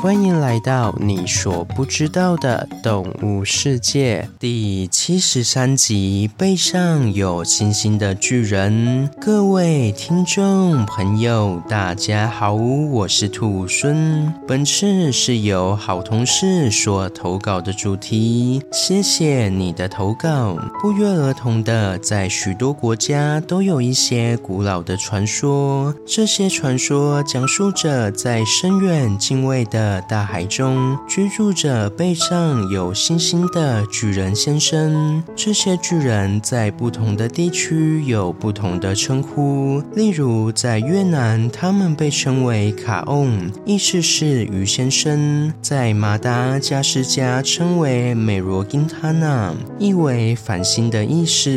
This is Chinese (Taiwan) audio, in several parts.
歡迎來到你所不知道的動物世界第七十三集：背上有星星的巨人。各位聽眾朋友，大家好，我是兔猻。本次是由好同事所投稿的主題，謝謝你的投稿。不約而同的，在許多國家都有一些古老的傳說，這些傳說講述着在深遠敬畏的的大海中居住着背上有星星的巨人先生。這些巨人在不同的地區有不同的稱呼，例如在越南，他們被稱為卡昂，意思是魚先生；在馬達加斯加稱為美羅金塔納，意為繁星的意思；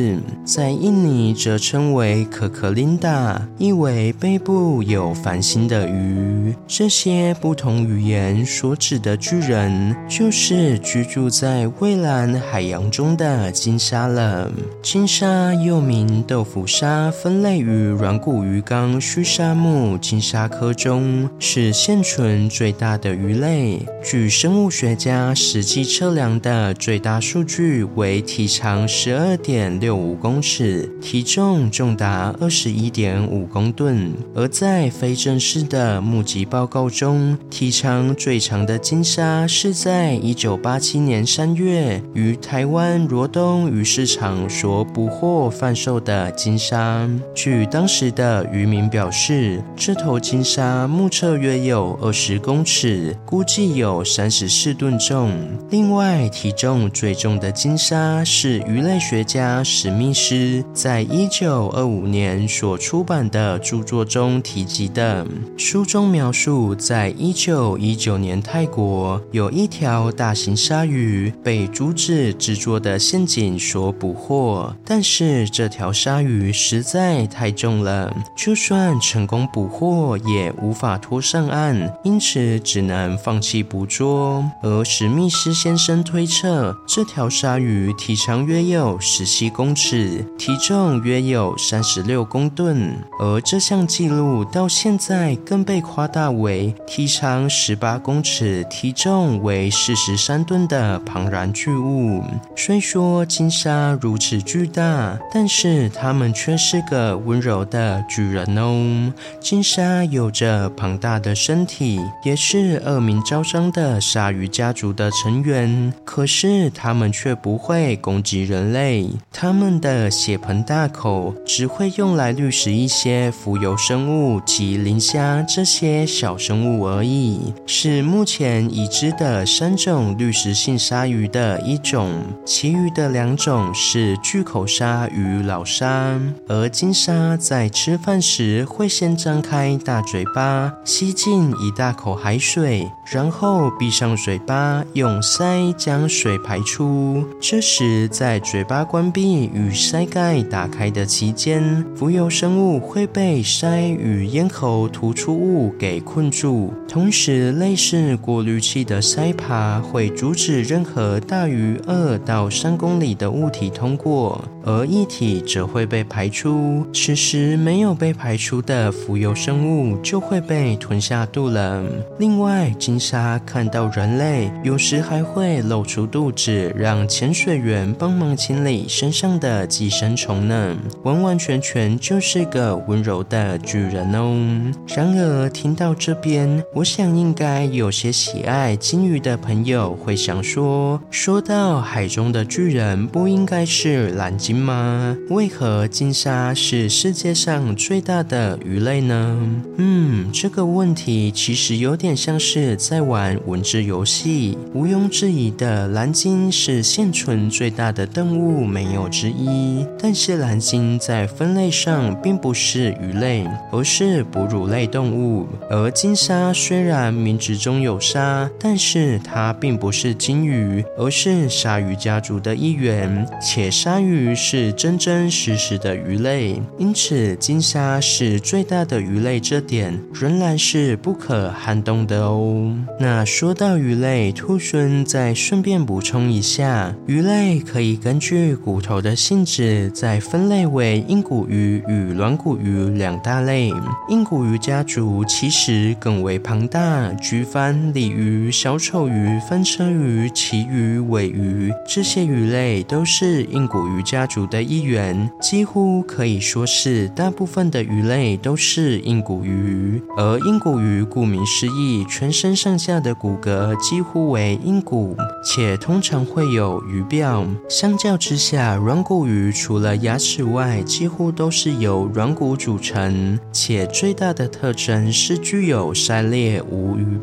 在印尼則稱為可可琳達，意為背部有繁星的魚。這些不同語言。人所指的巨人，就是居住在蔚藍海洋中的鯨鯊了。鯨鯊又名豆腐鯊，分類於軟骨魚綱鬚鯊目鯨鯊科中，是現存最大的魚類。據生物學家實際測量的最大數據為體長十二點六五公尺，體重重達二十一點五公噸。而在非正式的目擊報告中，體長。最長的鯨鯊是在一九八七年三月於台灣羅東漁市場所捕獲販售的鯨鯊。據當時的漁民表示，這頭鯨鯊目測約有二十公尺，估計有三十四噸重。另外，體重最重的鯨鯊是魚類學家史密斯在一九二五年所出版的著作中提及的，書中描述在一九一九。九年，泰國有一條大型鯊魚被竹製製作的陷阱所捕獲，但是這條鯊魚實在太重了，就算成功捕獲也無法拖上岸，因此只能放棄捕捉。而史密斯先生推測，這條鯊魚體長約有十七公尺，體重約有三十六公噸，而這項記錄到現在更被誇大為體長十八。八公尺、體重為四十三噸的龐然巨物，雖說鯨鯊如此巨大，但是它們卻是個溫柔的巨人哦。鯨鯊有着龐大的身體，也是惡名昭彰的鯊魚家族的成員，可是它們卻不會攻擊人類，它們的血盆大口只會用來掠食一些浮游生物及磷蝦這些小生物而已。是目前已知的三種濾食性鯊魚的一種，其餘的兩種是巨口鯊與姥鯊。而鯨鯊在吃飯時會先張開大嘴巴吸進一大口海水，然後閉上嘴巴，用鰓將水排出。這時，在嘴巴關閉與鰓蓋打開的期間，浮游生物會被鰓與咽喉突出物給困住，同時類似過濾器的鰓耙會阻止任何大於二到三公里的物體通過，而液體則會被排出。此時沒有被排出的浮游生物就會被吞下肚了。另外，鯨鯊看到人類有時還會露出肚子，讓潛水員幫忙清理身上的寄生蟲呢。完完全全就是個溫柔的巨人哦。然而，聽到這邊，我想應該，有些喜愛鯨魚的朋友會想說：“說到海中的巨人，不應該是藍鯨嗎？為何鯨鯊是世界上最大的魚類呢？”嗯，這個問題其實有點像是在玩文字遊戲。毋庸置疑的，藍鯨是現存最大的動物沒有之一。但是藍鯨在分類上並不是魚類，而是哺乳類動物。而鯨鯊雖然名，之中有鯊，但是它並不是鯨魚，而是鯊魚家族的一員。且鯊魚是真真實實的魚類，因此鯨鯊是最大的魚類，這點仍然是不可撼動的哦。那說到魚類，兔猻再順便補充一下，魚類可以根據骨頭的性質再分類為硬骨魚與軟骨魚兩大類。硬骨魚家族其實更為龐大。菊帆鯉魚、小丑魚、翻車魚、旗魚、尾魚，魚，這些魚類都是硬骨魚家族的一員。幾乎可以說是大部分的魚類都是硬骨魚。而硬骨魚顧名思義，全身上下的骨骼幾乎為硬骨，且通常會有魚鰾。相較之下，軟骨魚除了牙齒外，幾乎都是由軟骨組成，且最大的特徵是具有鰓裂無魚。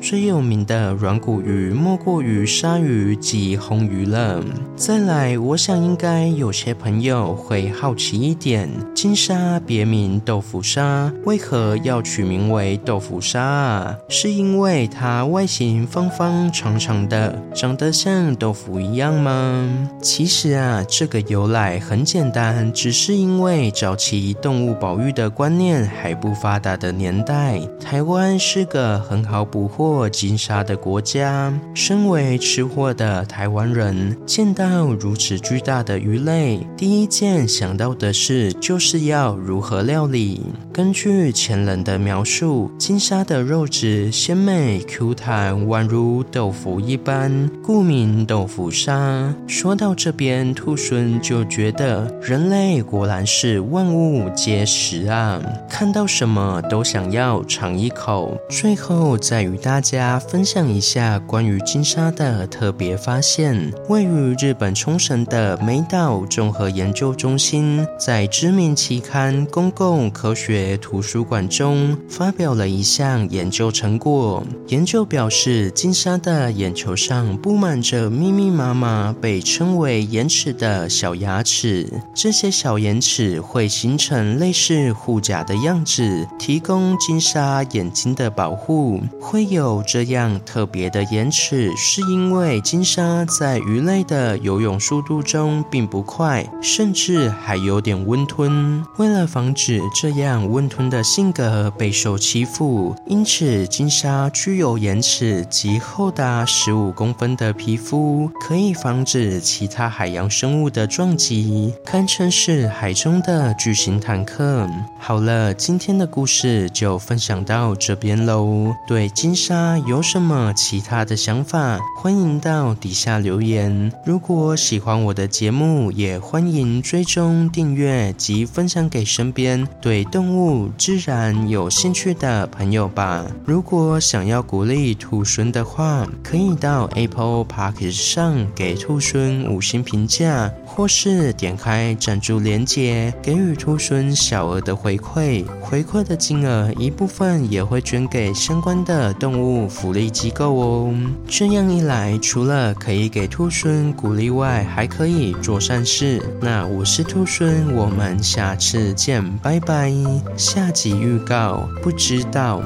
最有名的軟骨魚莫過於鯊魚及魟魚了。再來，我想應該有些朋友會好奇一點：鯨鯊別名豆腐鯊，為何要取名為豆腐鯊啊？是因為它外形方方長長的，長得像豆腐一樣嗎？其實啊，這個由來很簡單，只是因為早期動物保育的觀念還不發達的年代，台灣是個很好捕獲鯨鯊的國家，身為吃貨的台灣人，見到如此巨大的魚類，第一件想到的事就是要如何料理。根據前人的描述，鯨鯊的肉質鮮美、Q 彈，tan, 宛如豆腐一般，故名豆腐鯊。說到這邊，兔猻就覺得人類果然是萬物皆食啊，看到什麼都想要嘗一口。最後，再與大家分享一下關於鯨鯊的特別發現。位於日本沖繩的美島綜合研究中心，在知名期刊《公共科學圖書館》中發表了一項研究成果。研究表示，鯨鯊的眼球上布滿着密密麻麻被稱為“眼齒”的小牙齒，這些小眼齒會形成類似護甲的樣子，提供鯨鯊眼睛的保護。會有這樣特別的延遲，是因為鯨鯊在魚類的游泳速度中並不快，甚至還有點溫吞。為了防止這樣溫吞的性格備受欺負，因此鯨鯊具有延遲及厚達十五公分的皮膚，可以防止其他海洋生物的撞擊，堪稱是海中的巨型坦克。好了，今天的故事就分享到這邊嘍。對鯨鯊有什麼其他的想法？歡迎到底下留言。如果喜歡我的節目，也歡迎追蹤訂閱及分享給身邊對動物、自然有興趣的朋友吧。如果想要鼓勵兔猻的話，可以到 Apple Podcast 上給兔猻五星評價，或是點開贊助鏈接，給予兔猻小額的回饋。回饋的金額一部分也會捐給相關的動物福利機構哦，這樣一來，除了可以給兔猻鼓勵外，還可以做善事。那我是兔猻，我們下次見，拜拜。下集預告不知道。